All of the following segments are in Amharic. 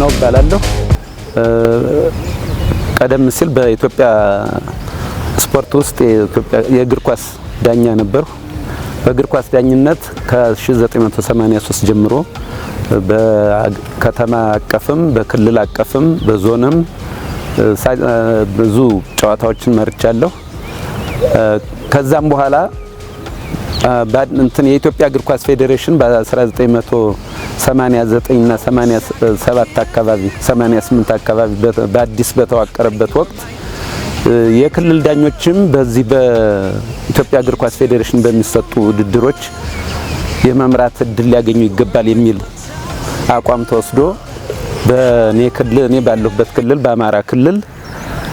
ነው እባላለሁ። ቀደም ሲል በኢትዮጵያ ስፖርት ውስጥ የእግር ኳስ ዳኛ ነበርኩ። በእግር ኳስ ዳኝነት ከ1983 ጀምሮ በከተማ አቀፍም በክልል አቀፍም በዞንም ብዙ ጨዋታዎችን መርቻለሁ። ከዛም በኋላ እንትን የኢትዮጵያ እግር ኳስ ፌዴሬሽን በ1989 እና 87 አካባቢ 88 አካባቢ በአዲስ በተዋቀረበት ወቅት የክልል ዳኞችም በዚህ በኢትዮጵያ እግር ኳስ ፌዴሬሽን በሚሰጡ ውድድሮች የመምራት እድል ሊያገኙ ይገባል የሚል አቋም ተወስዶ በኔ ክልል እኔ ባለሁበት ክልል በአማራ ክልል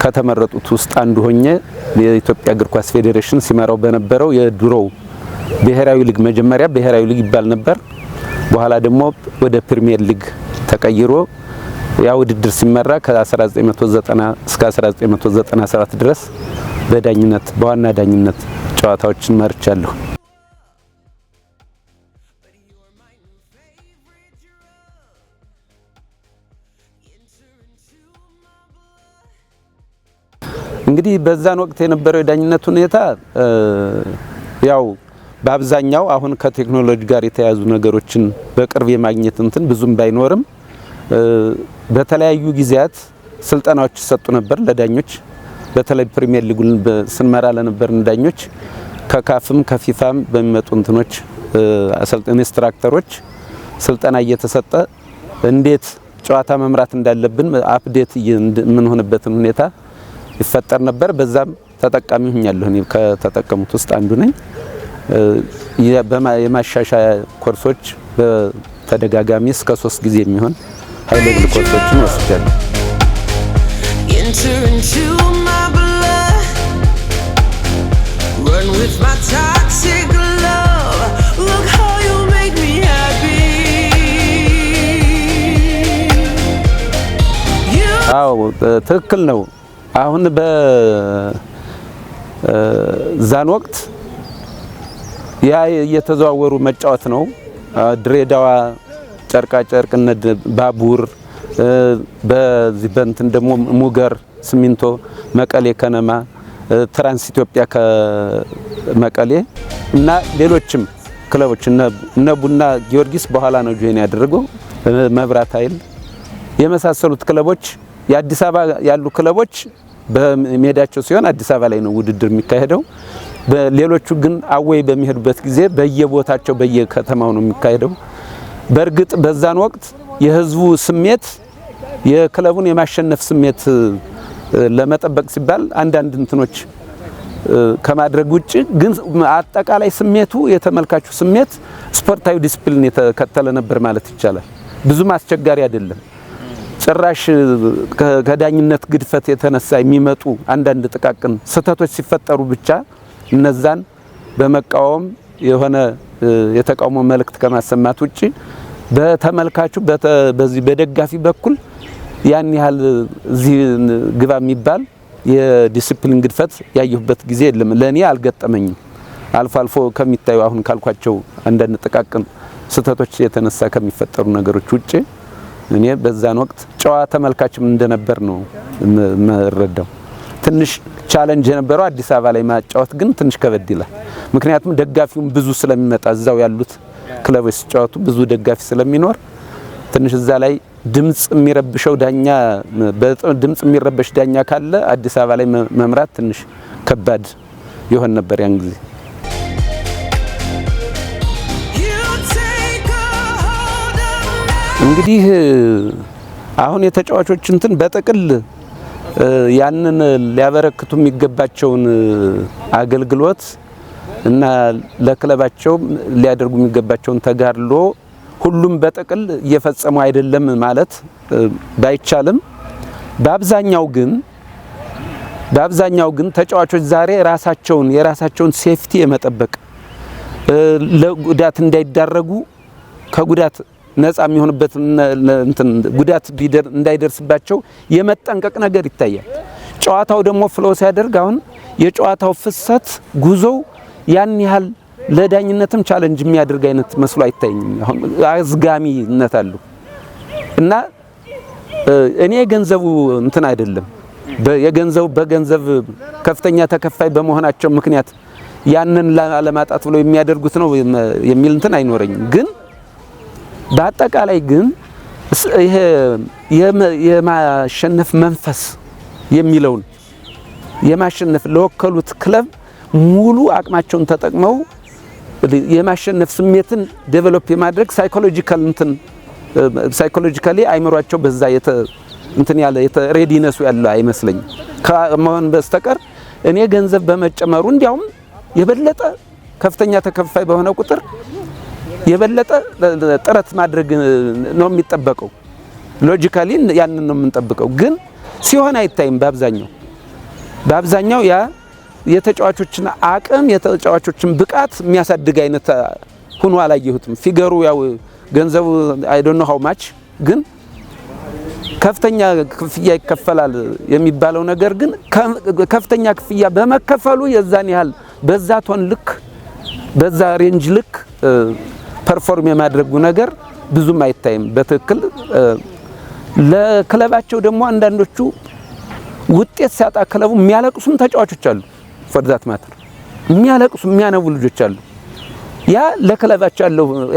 ከተመረጡት ውስጥ አንዱ ሆኜ የኢትዮጵያ እግር ኳስ ፌዴሬሽን ሲመራው በነበረው የድሮው ብሔራዊ ሊግ መጀመሪያ ብሔራዊ ሊግ ይባል ነበር። በኋላ ደግሞ ወደ ፕሪሚየር ሊግ ተቀይሮ ያ ውድድር ሲመራ ከ1990 እስከ 1997 ድረስ በዳኝነት በዋና ዳኝነት ጨዋታዎችን መርቻለሁ። እንግዲህ በዛን ወቅት የነበረው የዳኝነት ሁኔታ ያው በአብዛኛው አሁን ከቴክኖሎጂ ጋር የተያያዙ ነገሮችን በቅርብ የማግኘት እንትን ብዙም ባይኖርም በተለያዩ ጊዜያት ስልጠናዎች ይሰጡ ነበር ለዳኞች። በተለይ ፕሪሚየር ሊጉን ስንመራ ለነበርን ዳኞች ከካፍም ከፊፋም በሚመጡ እንትኖች ኢንስትራክተሮች ስልጠና እየተሰጠ እንዴት ጨዋታ መምራት እንዳለብን አፕዴት የምንሆንበትን ሁኔታ ይፈጠር ነበር። በዛም ተጠቃሚ ሁኛለሁ። እኔ ከተጠቀሙት ውስጥ አንዱ ነኝ። የማሻሻያ ኮርሶች በተደጋጋሚ እስከ ሶስት ጊዜ የሚሆን ሀይ ኮርሶችን ወስጃለሁ። አዎ ትክክል ነው። አሁን በዛን ወቅት ያ እየተዘዋወሩ መጫወት ነው። ድሬዳዋ ጨርቃጨርቅ፣ ባቡር በዚህ በእንትን ደግሞ ሙገር፣ ሲሚንቶ፣ መቀሌ ከነማ፣ ትራንስ ኢትዮጵያ ከመቀሌ እና ሌሎችም ክለቦች እነ ቡና ጊዮርጊስ በኋላ ነው ጆይን ያደረገው መብራት ኃይል የመሳሰሉት ክለቦች የአዲስ አበባ ያሉ ክለቦች በሜዳቸው ሲሆን አዲስ አበባ ላይ ነው ውድድር የሚካሄደው። ሌሎቹ ግን አወይ በሚሄዱበት ጊዜ በየቦታቸው በየከተማው ነው የሚካሄደው። በእርግጥ በዛን ወቅት የህዝቡ ስሜት የክለቡን የማሸነፍ ስሜት ለመጠበቅ ሲባል አንዳንድ እንትኖች ከማድረግ ውጭ ግን አጠቃላይ ስሜቱ የተመልካቹ ስሜት ስፖርታዊ ዲስፕሊን የተከተለ ነበር ማለት ይቻላል። ብዙም አስቸጋሪ አይደለም። ጭራሽ ከዳኝነት ግድፈት የተነሳ የሚመጡ አንዳንድ ጥቃቅን ስህተቶች ሲፈጠሩ ብቻ እነዛን በመቃወም የሆነ የተቃውሞ መልእክት ከማሰማት ውጭ በተመልካቹ በዚህ በደጋፊ በኩል ያን ያህል እዚህ ግባ የሚባል የዲሲፕሊን ግድፈት ያየሁበት ጊዜ የለም። ለእኔ አልገጠመኝም። አልፎ አልፎ ከሚታዩ አሁን ካልኳቸው አንዳንድ ጥቃቅን ስህተቶች የተነሳ ከሚፈጠሩ ነገሮች ውጭ እኔ በዛን ወቅት ጨዋ ተመልካችም እንደነበር ነው መረዳው። ትንሽ ቻለንጅ የነበረው አዲስ አበባ ላይ ማጫወት ግን ትንሽ ከበድ ይላል። ምክንያቱም ደጋፊውም ብዙ ስለሚመጣ እዛው ያሉት ክለቦች ሲጫወቱ ብዙ ደጋፊ ስለሚኖር ትንሽ እዛ ላይ ድምጽ የሚረብሸው ዳኛ ድምጽ የሚረበሽ ዳኛ ካለ አዲስ አበባ ላይ መምራት ትንሽ ከባድ ይሆን ነበር ያን ጊዜ። እንግዲህ አሁን የተጫዋቾች እንትን በጥቅል ያንን ሊያበረክቱ የሚገባቸውን አገልግሎት እና ለክለባቸው ሊያደርጉ የሚገባቸውን ተጋድሎ ሁሉም በጥቅል እየፈጸሙ አይደለም ማለት ባይቻልም በአብዛኛው ግን በአብዛኛው ግን ተጫዋቾች ዛሬ ራሳቸውን የራሳቸውን ሴፍቲ የመጠበቅ ለጉዳት እንዳይዳረጉ ከጉዳት ነጻ የሚሆንበት ጉዳት እንዳይደርስባቸው የመጠንቀቅ ነገር ይታያል። ጨዋታው ደግሞ ፍሎ ሲያደርግ አሁን የጨዋታው ፍሰት ጉዞው ያን ያህል ለዳኝነትም ቻለንጅ የሚያደርግ አይነት መስሎ አይታየኝም። አሁን አዝጋሚነት አሉ እና እኔ የገንዘቡ እንትን አይደለም የገንዘቡ በገንዘብ ከፍተኛ ተከፋይ በመሆናቸው ምክንያት ያንን ላለማጣት ብለው የሚያደርጉት ነው የሚል እንትን አይኖረኝም ግን በአጠቃላይ ግን የማሸነፍ መንፈስ የሚለውን የማሸነፍ ለወከሉት ክለብ ሙሉ አቅማቸውን ተጠቅመው የማሸነፍ ስሜትን ዴቨሎፕ የማድረግ ሳይኮሎጂካል እንትን ሳይኮሎጂካሊ አይምሯቸው በዛ እንትን ያለ አይመስለኝ ያለው ከመሆን በስተቀር እኔ ገንዘብ በመጨመሩ እንዲያውም የበለጠ ከፍተኛ ተከፋይ በሆነ ቁጥር የበለጠ ጥረት ማድረግ ነው የሚጠበቀው። ሎጂካሊ ያንን ነው የምንጠብቀው፣ ግን ሲሆን አይታይም። በአብዛኛው በአብዛኛው ያ የተጫዋቾችን አቅም የተጫዋቾችን ብቃት የሚያሳድግ አይነት ሁኖ አላየሁትም። ፊገሩ ያው ገንዘቡ አይ ዶንት ኖ ሃው ማች ግን ከፍተኛ ክፍያ ይከፈላል የሚባለው ነገር ግን ከፍተኛ ክፍያ በመከፈሉ የዛን ያህል በዛ ቶን ልክ በዛ ሬንጅ ልክ ፐርፎርም የማድረጉ ነገር ብዙም አይታይም በትክክል ለክለባቸው ደግሞ አንዳንዶቹ ውጤት ሲያጣ ክለቡ የሚያለቅሱም ተጫዋቾች አሉ። ፈርዛት ማተር የሚያለቅሱ የሚያነቡ ልጆች አሉ። ያ ለክለባቸው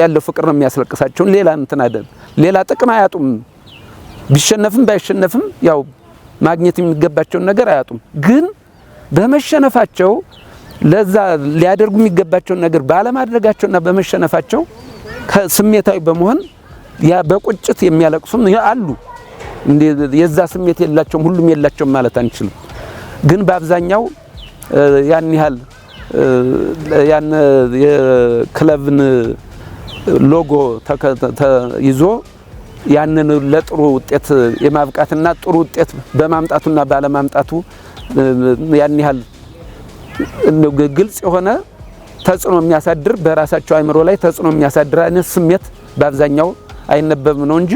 ያለው ፍቅር ነው የሚያስለቅሳቸው። ሌላ እንትን አይደል፣ ሌላ ጥቅም አያጡም። ቢሸነፍም ባይሸነፍም ያው ማግኘት የሚገባቸውን ነገር አያጡም። ግን በመሸነፋቸው ለዛ ሊያደርጉ የሚገባቸውን ነገር ባለማድረጋቸውና በመሸነፋቸው ስሜታዊ በመሆን ያ በቁጭት የሚያለቅሱም አሉ። የዛ ስሜት የላቸውም፣ ሁሉም የላቸውም ማለት አንችልም። ግን በአብዛኛው ያን ያህል ያን የክለብን ሎጎ ይዞ ያንን ለጥሩ ውጤት የማብቃትና ጥሩ ውጤት በማምጣቱና ባለማምጣቱ ያን ያህል ግልጽ የሆነ ተጽዕኖ የሚያሳድር በራሳቸው አእምሮ ላይ ተጽዕኖ የሚያሳድር አይነት ስሜት በአብዛኛው አይነበብም ነው እንጂ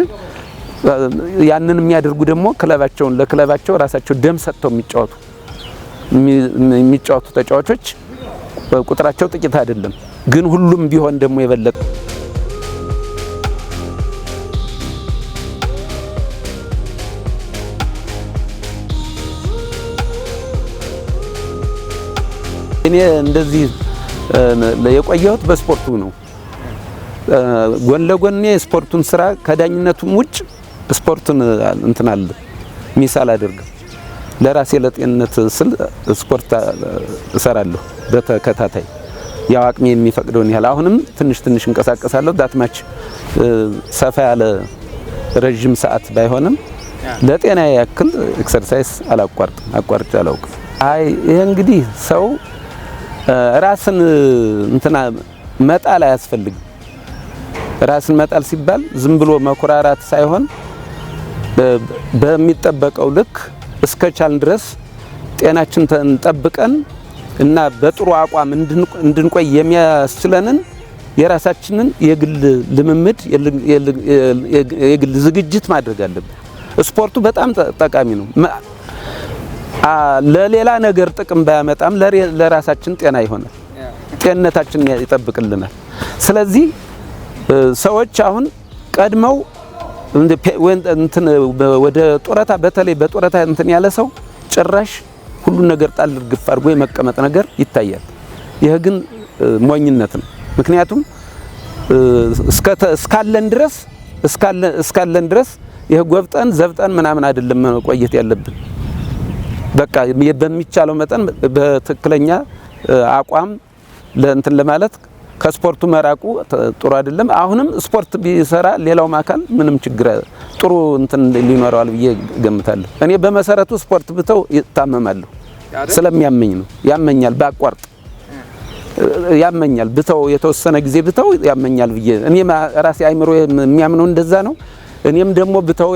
ያንን የሚያደርጉ ደግሞ ክለባቸውን ለክለባቸው ራሳቸው ደም ሰጥተው የሚጫወቱ የሚጫወቱ ተጫዋቾች ቁጥራቸው ጥቂት አይደለም። ግን ሁሉም ቢሆን ደግሞ የበለጠ እኔ እንደዚህ የቆየሁት በስፖርቱ ነው። ጎን ለጎን የስፖርቱን ስራ ከዳኝነቱም ውጭ ስፖርቱን እንትን አለ ሚሳል አድርገው ለራሴ ለጤንነት ስል ስፖርት እሰራለሁ በተከታታይ ያው አቅሜ የሚፈቅደውን ያህል። አሁንም ትንሽ ትንሽ እንቀሳቀሳለሁ። ዳትማች ሰፋ ያለ ረዥም ሰዓት ባይሆንም ለጤና ያክል ኤክሰርሳይዝ አላቋርጥም፣ አቋርጬ አላውቅም። አይ ይሄ እንግዲህ ሰው ራስን እንትና መጣል አያስፈልግም። ራስን መጣል ሲባል ዝም ብሎ መኩራራት ሳይሆን በሚጠበቀው ልክ እስከቻልን ድረስ ጤናችንን ጠብቀን እና በጥሩ አቋም እንድንቆይ የሚያስችለንን የራሳችንን የግል ልምምድ የግል ዝግጅት ማድረግ አለብን። ስፖርቱ በጣም ጠቃሚ ነው። ለሌላ ነገር ጥቅም ባያመጣም ለራሳችን ጤና ይሆናል፣ ጤንነታችንን ይጠብቅልናል። ስለዚህ ሰዎች አሁን ቀድመው እንትን ወደ ጡረታ በተለይ በጡረታ እንትን ያለ ሰው ጭራሽ ሁሉን ነገር ጣል ግፍ አድርጎ የመቀመጥ ነገር ይታያል። ይህ ግን ሞኝነት ነው። ምክንያቱም እስካለን ድረስ እስካለን ድረስ ይህ ጎብጠን ዘብጠን ምናምን አይደለም መቆየት ያለብን። በቃ በሚቻለው መጠን በትክክለኛ አቋም ለእንትን ለማለት ከስፖርቱ መራቁ ጥሩ አይደለም። አሁንም ስፖርት ቢሰራ ሌላውም አካል ምንም ችግር ጥሩ እንትን ሊኖረዋል ብዬ ገምታለሁ። እኔ በመሰረቱ ስፖርት ብተው ይታመማለሁ፣ ስለሚያመኝ ነው። ያመኛል፣ ባቋርጥ ያመኛል፣ ብተው የተወሰነ ጊዜ ብተው ያመኛል ብዬ እኔ ራሴ አይምሮ የሚያምነው እንደዛ ነው። እኔም ደግሞ ብተው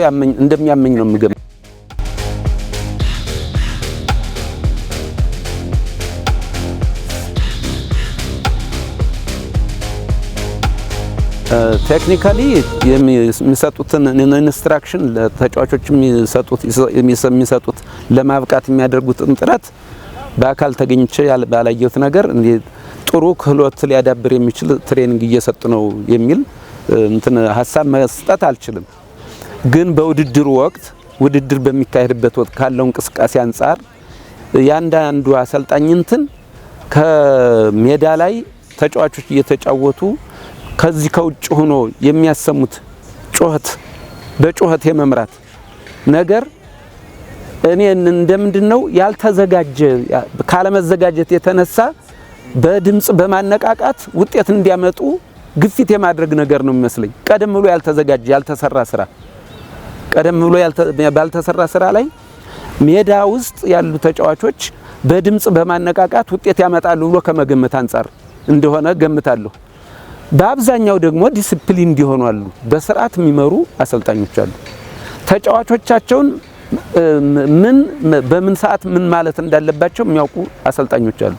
እንደሚያመኝ ነው የምገምተው። ቴክኒካሊ የሚሰጡትን ኢንስትራክሽን ለተጫዋቾች የሚሰጡት ለማብቃት የሚያደርጉትን ጥረት በአካል ተገኝቼ ባላየሁት ነገር ጥሩ ክህሎት ሊያዳብር የሚችል ትሬኒንግ እየሰጡ ነው የሚል እንትን ሀሳብ መስጠት አልችልም። ግን በውድድሩ ወቅት ውድድር በሚካሄድበት ወቅት ካለው እንቅስቃሴ አንጻር ያንዳንዱ አሰልጣኝ እንትን ከሜዳ ላይ ተጫዋቾች እየተጫወቱ ከዚህ ከውጭ ሆኖ የሚያሰሙት ጩኸት በጩኸት የመምራት ነገር እኔን እንደምንድን ነው ያልተዘጋጀ ካለመዘጋጀት የተነሳ በድምፅ በማነቃቃት ውጤት እንዲያመጡ ግፊት የማድረግ ነገር ነው የሚመስለኝ። ቀደም ብሎ ያልተዘጋጀ ያልተሰራ ስራ ቀደም ብሎ ባልተሰራ ስራ ላይ ሜዳ ውስጥ ያሉ ተጫዋቾች በድምፅ በማነቃቃት ውጤት ያመጣሉ ብሎ ከመገመት አንጻር እንደሆነ ገምታለሁ። በአብዛኛው ደግሞ ዲስፕሊን እንዲሆኑ አሉ፣ በስርዓት የሚመሩ አሰልጣኞች አሉ። ተጫዋቾቻቸውን ምን በምን ሰዓት ምን ማለት እንዳለባቸው የሚያውቁ አሰልጣኞች አሉ።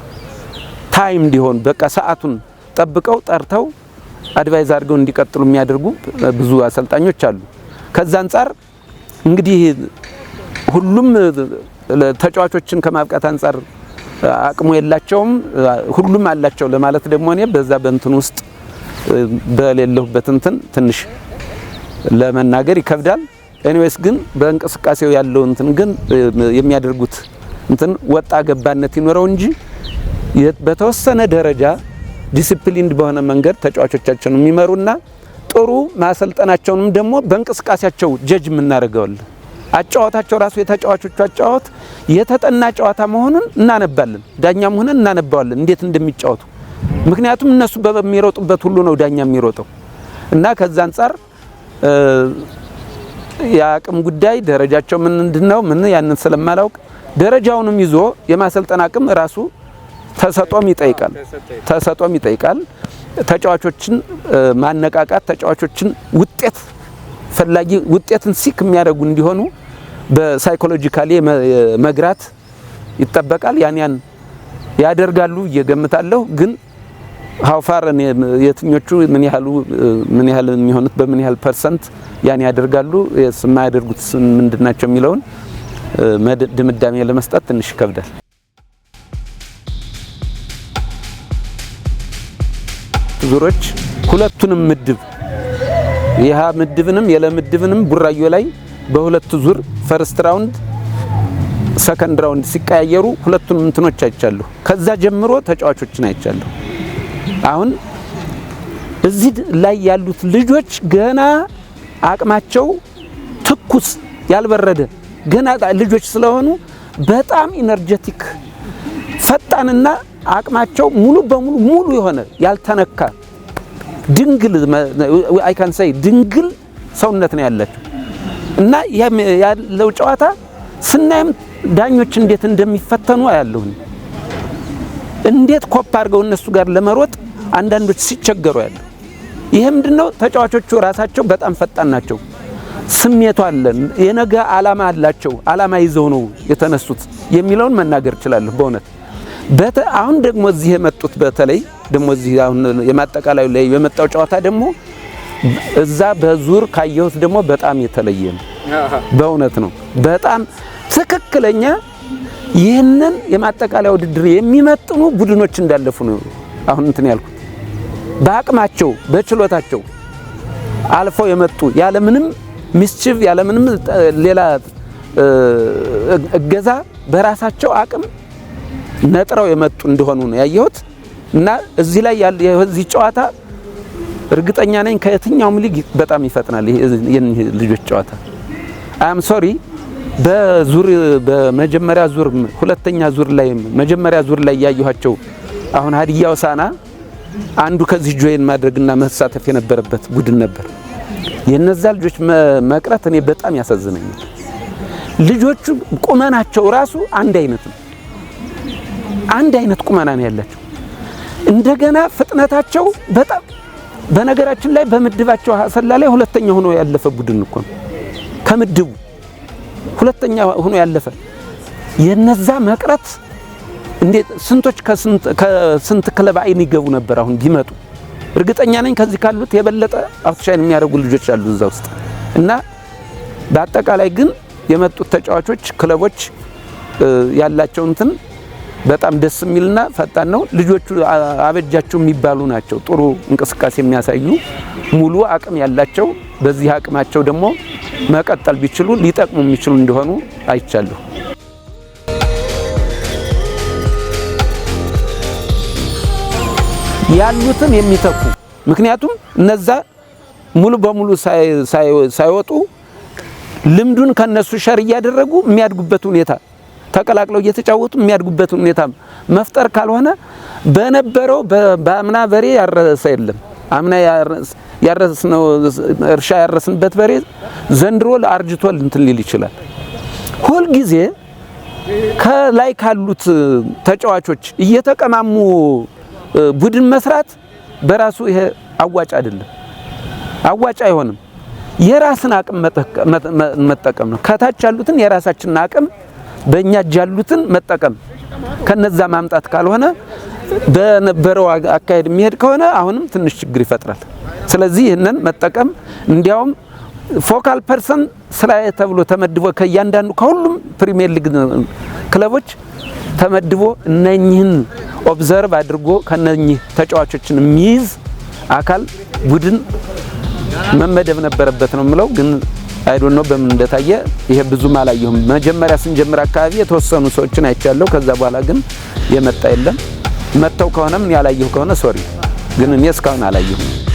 ታይም እንዲሆን በቃ ሰዓቱን ጠብቀው ጠርተው አድቫይዝ አድርገው እንዲቀጥሉ የሚያደርጉ ብዙ አሰልጣኞች አሉ። ከዛ አንጻር እንግዲህ ሁሉም ተጫዋቾችን ከማብቃት አንጻር አቅሙ የላቸውም፣ ሁሉም አላቸው ለማለት ደግሞ እኔ በዛ በእንትን ውስጥ በሌለሁበት እንትን ትንሽ ለመናገር ይከብዳል። ኤኒዌይስ ግን በእንቅስቃሴው ያለው እንትን ግን የሚያደርጉት እንትን ወጣ ገባነት ይኖረው እንጂ በተወሰነ ደረጃ ዲሲፕሊንድ በሆነ መንገድ ተጫዋቾቻቸውን የሚመሩና ጥሩ ማሰልጠናቸውንም ደግሞ በእንቅስቃሴያቸው ጀጅ የምናደርገዋለን። አጫዋታቸው ራሱ የተጫዋቾቹ አጫዋት የተጠና ጨዋታ መሆኑን እናነባለን። ዳኛም ሆነ እናነባዋለን እንዴት እንደሚጫወቱ ምክንያቱም እነሱ በሚሮጡበት ሁሉ ነው ዳኛ የሚሮጠው እና ከዛ አንጻር የአቅም ጉዳይ ደረጃቸው ምን እንድነው ምን ያንን ስለማላውቅ ደረጃውንም ይዞ የማሰልጠን አቅም ራሱ ተሰጦም ይጠይቃል። ተሰጦም ይጠይቃል። ተጫዋቾችን ማነቃቃት፣ ተጫዋቾችን ውጤት ፈላጊ ውጤትን ሲክ የሚያደርጉ እንዲሆኑ በሳይኮሎጂካሊ መግራት ይጠበቃል። ያን ያን ያደርጋሉ እየገምታለሁ ግን ሀውፋር የትኞቹ ምን ያህሉ ምን ያህል የሚሆኑት በምን ያህል ፐርሰንት ያን ያደርጋሉ የማያደርጉት ምንድናቸው የሚለውን ድምዳሜ ለመስጠት ትንሽ ይከብዳል። ዙሮች ሁለቱንም ምድብ የሀ ምድብንም የለምድብንም ቡራዮ ላይ በሁለቱ ዙር ፈርስት ራውንድ ሰከንድ ራውንድ ሲቀያየሩ ሁለቱንም እንትኖች አይቻለሁ። ከዛ ጀምሮ ተጫዋቾችን አይቻለሁ። አሁን እዚህ ላይ ያሉት ልጆች ገና አቅማቸው ትኩስ ያልበረደ ገና ልጆች ስለሆኑ በጣም ኢነርጀቲክ ፈጣንና አቅማቸው ሙሉ በሙሉ ሙሉ የሆነ ያልተነካ ድንግል አይ ካን ሳይ ድንግል ሰውነት ነው ያላቸው እና ያለው ጨዋታ ስናይም ዳኞች እንዴት እንደሚፈተኑ አያለሁኝ። እንዴት ኮፕ አድርገው እነሱ ጋር ለመሮጥ አንዳንዶች ሲቸገሩ ያለ። ይሄ ምንድነው? ተጫዋቾቹ ራሳቸው በጣም ፈጣን ናቸው። ስሜቱ አለን የነገ አላማ አላቸው። አላማ ይዘው ነው የተነሱት የሚለውን መናገር እችላለሁ በእውነት አሁን ደግሞ እዚህ የመጡት በተለይ ደግሞ እዚህ አሁን የማጠቃላዩ ላይ የመጣው ጨዋታ ደግሞ እዛ በዙር ካየሁት ደግሞ በጣም የተለየ ነው። በእውነት ነው በጣም ትክክለኛ ይህንን የማጠቃለያ ውድድር የሚመጥኑ ቡድኖች እንዳለፉ ነው አሁን እንትን ያልኩት። በአቅማቸው በችሎታቸው አልፈው የመጡ ያለምንም ሚስቺቭ ያለምንም ሌላ እገዛ በራሳቸው አቅም ነጥረው የመጡ እንደሆኑ ነው ያየሁት። እና እዚህ ላይ ያለ የዚህ ጨዋታ እርግጠኛ ነኝ ከየትኛውም ሊግ በጣም ይፈጥናል። ይህ ልጆች ጨዋታ አም ሶሪ በዙር በመጀመሪያ ዙር ሁለተኛ ዙር ላይ መጀመሪያ ዙር ላይ ያየኋቸው አሁን ሀዲያ ሆሳዕና አንዱ ከዚህ ጆይን ማድረግና መሳተፍ የነበረበት ቡድን ነበር። የነዛ ልጆች መቅረት እኔ በጣም ያሳዝነኛል። ልጆቹ ቁመናቸው ራሱ አንድ አይነት ነው። አንድ አይነት ቁመና ነው ያላቸው። እንደገና ፍጥነታቸው በጣም በነገራችን ላይ በምድባቸው አሰላ ላይ ሁለተኛ ሆኖ ያለፈ ቡድን እኮ ነው ከምድቡ ሁለተኛ ሆኖ ያለፈ የነዛ መቅረት እንዴት ስንቶች ከስንት ክለብ አይን ይገቡ ነበር። አሁን ቢመጡ እርግጠኛ ነኝ ከዚህ ካሉት የበለጠ አፍተሻይን የሚያደርጉ ልጆች አሉ እዛ ውስጥ እና በአጠቃላይ ግን የመጡት ተጫዋቾች ክለቦች ያላቸው እንትን በጣም ደስ የሚልና ፈጣን ነው። ልጆቹ አበጃቸው የሚባሉ ናቸው። ጥሩ እንቅስቃሴ የሚያሳዩ ሙሉ አቅም ያላቸው፣ በዚህ አቅማቸው ደግሞ መቀጠል ቢችሉ ሊጠቅሙ የሚችሉ እንደሆኑ አይቻለሁ። ያሉትም የሚተኩ ምክንያቱም እነዛ ሙሉ በሙሉ ሳይወጡ ልምዱን ከነሱ ሸር እያደረጉ የሚያድጉበት ሁኔታ ተቀላቅለው እየተጫወቱ የሚያድጉበት ሁኔታ መፍጠር ካልሆነ በነበረው በአምና በሬ ያረሰ የለም። አምና ነው እርሻ ያረስንበት በሬ ዘንድሮ አርጅቶ እንትን ሊል ይችላል። ሁልጊዜ ከላይ ካሉት ተጫዋቾች እየተቀማሙ ቡድን መስራት በራሱ ይሄ አዋጭ አይደለም፣ አዋጭ አይሆንም። የራስን አቅም መጠቀም ነው። ከታች ያሉትን የራሳችንን አቅም በእኛ እጅ ያሉትን መጠቀም ከነዛ ማምጣት ካልሆነ በነበረው አካሄድ የሚሄድ ከሆነ አሁንም ትንሽ ችግር ይፈጥራል። ስለዚህ ይህንን መጠቀም እንዲያውም ፎካል ፐርሰን ስላ ተብሎ ተመድቦ ከእያንዳንዱ ከሁሉም ፕሪሚየር ሊግ ክለቦች ተመድቦ እነኚህን ኦብዘርቭ አድርጎ ከነኚህ ተጫዋቾችን የሚይዝ አካል ቡድን መመደብ ነበረበት ነው የምለው ግን አይዶን ነው በምን እንደታየ ይሄ ብዙም አላየሁም። መጀመሪያ ስንጀምር አካባቢ የተወሰኑ ሰዎችን አይቻለሁ። ከዛ በኋላ ግን የመጣ የለም። መጥተው ከሆነም ያላየሁ ከሆነ ሶሪ፣ ግን እኔ እስካሁን አላየሁም።